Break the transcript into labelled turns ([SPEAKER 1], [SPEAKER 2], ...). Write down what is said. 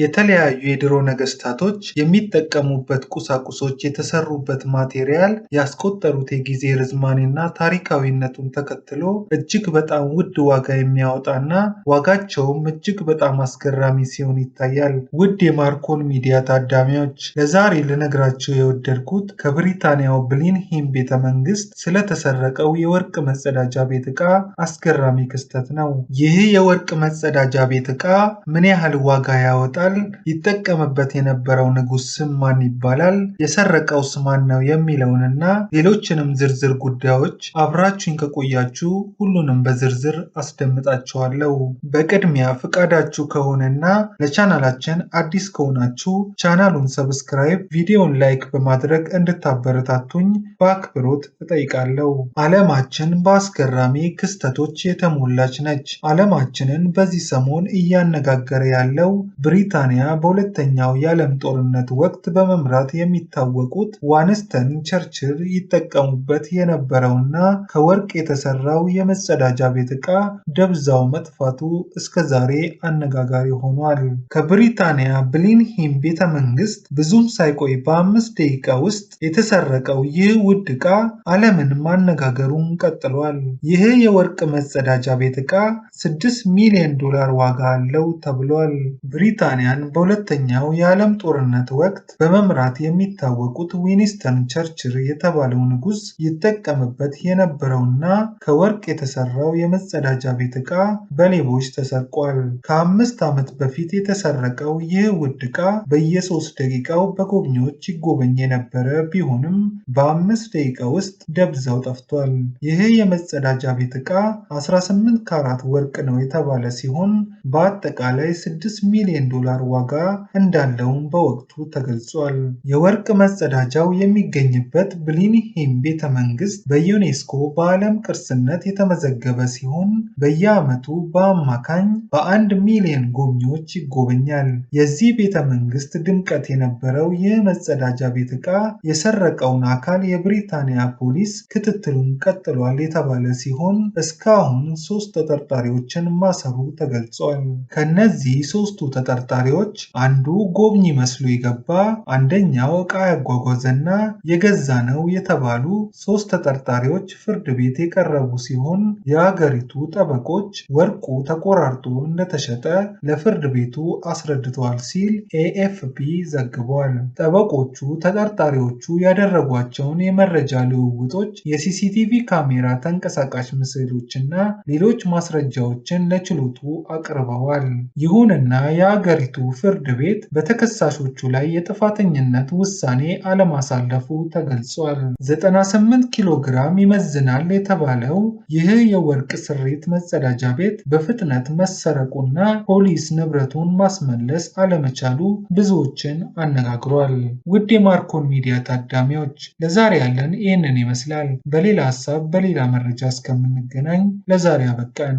[SPEAKER 1] የተለያዩ የድሮ ነገስታቶች የሚጠቀሙበት ቁሳቁሶች የተሰሩበት ማቴሪያል ያስቆጠሩት የጊዜ ርዝማኔና ታሪካዊነቱን ተከትሎ እጅግ በጣም ውድ ዋጋ የሚያወጣና ዋጋቸውም እጅግ በጣም አስገራሚ ሲሆን ይታያል። ውድ የማርኮን ሚዲያ ታዳሚዎች ለዛሬ ልነግራቸው የወደድኩት ከብሪታንያው ብሊንሂም ቤተ መንግስት ስለተሰረቀው የወርቅ መጸዳጃ ቤት ዕቃ አስገራሚ ክስተት ነው። ይህ የወርቅ መጸዳጃ ቤት ዕቃ ምን ያህል ዋጋ ያወጣል? ቃል ይጠቀምበት የነበረው ንጉሥ ስም ማን ይባላል? የሰረቀውስ ማን ነው? የሚለውንና ሌሎችንም ዝርዝር ጉዳዮች አብራችሁኝ ከቆያችሁ ሁሉንም በዝርዝር አስደምጣችኋለሁ። በቅድሚያ ፍቃዳችሁ ከሆነና ለቻናላችን አዲስ ከሆናችሁ ቻናሉን ሰብስክራይብ፣ ቪዲዮውን ላይክ በማድረግ እንድታበረታቱኝ በአክብሮት እጠይቃለሁ። ዓለማችን በአስገራሚ ክስተቶች የተሞላች ነች። ዓለማችንን በዚህ ሰሞን እያነጋገረ ያለው ብሪት ብሪታንያ በሁለተኛው የዓለም ጦርነት ወቅት በመምራት የሚታወቁት ዋንስተን ቸርችል ይጠቀሙበት የነበረውና ከወርቅ የተሰራው የመጸዳጃ ቤት ዕቃ ደብዛው መጥፋቱ እስከዛሬ አነጋጋሪ ሆኗል። ከብሪታንያ ብሊንሂም ቤተ መንግሥት ብዙም ሳይቆይ በአምስት ደቂቃ ውስጥ የተሰረቀው ይህ ውድ ዕቃ ዓለምን ማነጋገሩን ቀጥሏል። ይህ የወርቅ መጸዳጃ ቤት ዕቃ 6 ሚሊዮን ዶላር ዋጋ አለው ተብሏል። ብሪታንያ ብሪታንያን በሁለተኛው የዓለም ጦርነት ወቅት በመምራት የሚታወቁት ዊንስተን ቸርችል የተባለው ንጉሥ ይጠቀምበት የነበረውና ከወርቅ የተሰራው የመጸዳጃ ቤት ዕቃ በሌቦች ተሰርቋል። ከአምስት ዓመት በፊት የተሰረቀው ይህ ውድ ዕቃ በየሶስት ደቂቃው በጎብኚዎች ይጎበኝ የነበረ ቢሆንም በአምስት ደቂቃ ውስጥ ደብዛው ጠፍቷል። ይህ የመጸዳጃ ቤት ዕቃ 18 ካራት ወርቅ ነው የተባለ ሲሆን በአጠቃላይ 6 ሚሊዮን ዶላር ዶላር ዋጋ እንዳለውም በወቅቱ ተገልጿል። የወርቅ መጸዳጃው የሚገኝበት ብሊንሄም ቤተ መንግስት በዩኔስኮ በዓለም ቅርስነት የተመዘገበ ሲሆን በየዓመቱ በአማካኝ በአንድ ሚሊዮን ጎብኚዎች ይጎበኛል። የዚህ ቤተ መንግስት ድምቀት የነበረው ይህ መጸዳጃ ቤት ዕቃ የሰረቀውን አካል የብሪታንያ ፖሊስ ክትትሉን ቀጥሏል የተባለ ሲሆን እስካሁን ሶስት ተጠርጣሪዎችን ማሰሩ ተገልጿል። ከነዚህ ሶስቱ ተጠርጣሪ ተሽከርካሪዎች አንዱ ጎብኚ መስሎ የገባ አንደኛው ዕቃ ያጓጓዘና የገዛ ነው የተባሉ ሶስት ተጠርጣሪዎች ፍርድ ቤት የቀረቡ ሲሆን የአገሪቱ ጠበቆች ወርቁ ተቆራርጦ እንደተሸጠ ለፍርድ ቤቱ አስረድተዋል ሲል ኤኤፍፒ ዘግቧል። ጠበቆቹ ተጠርጣሪዎቹ ያደረጓቸውን የመረጃ ልውውጦች፣ የሲሲቲቪ ካሜራ ተንቀሳቃሽ ምስሎችና ሌሎች ማስረጃዎችን ለችሎቱ አቅርበዋል። ይሁንና የአገሪቱ የሀገሪቱ ፍርድ ቤት በተከሳሾቹ ላይ የጥፋተኝነት ውሳኔ አለማሳለፉ ተገልጿል። 98 ኪሎ ግራም ይመዝናል የተባለው ይህ የወርቅ ስሪት መጸዳጃ ቤት በፍጥነት መሰረቁና ፖሊስ ንብረቱን ማስመለስ አለመቻሉ ብዙዎችን አነጋግሯል። ውድ የማርኮን ሚዲያ ታዳሚዎች ለዛሬ ያለን ይህንን ይመስላል። በሌላ ሀሳብ በሌላ መረጃ እስከምንገናኝ ለዛሬ አበቃን።